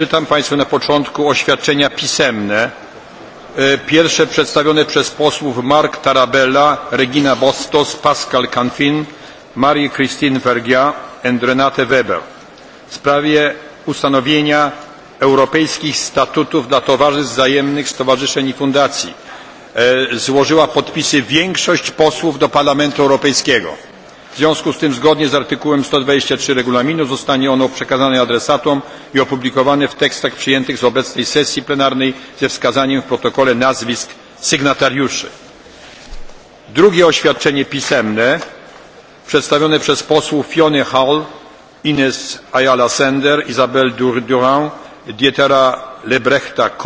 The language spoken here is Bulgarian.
Czytam Państwu na początku oświadczenia pisemne. Pierwsze przedstawione przez posłów Mark Tarabella, Regina Bostos, Pascal Canfin, Marie-Christine Vergia i Renate Weber w sprawie ustanowienia europejskich statutów dla towarzystw wzajemnych, stowarzyszeń i fundacji. Złożyła podpisy większość posłów do Parlamentu Europejskiego. W związku z tym, zgodnie z artykułem 123 regulaminu, zostanie ono przekazane adresatom i opublikowane w tekstach przyjętych z obecnej sesji plenarnej ze wskazaniem w protokole nazwisk sygnatariuszy. Drugie oświadczenie pisemne przedstawione przez posłów Fiona Hall, Ines Ayala Sender, Isabelle Durand, Dietera Lebrechta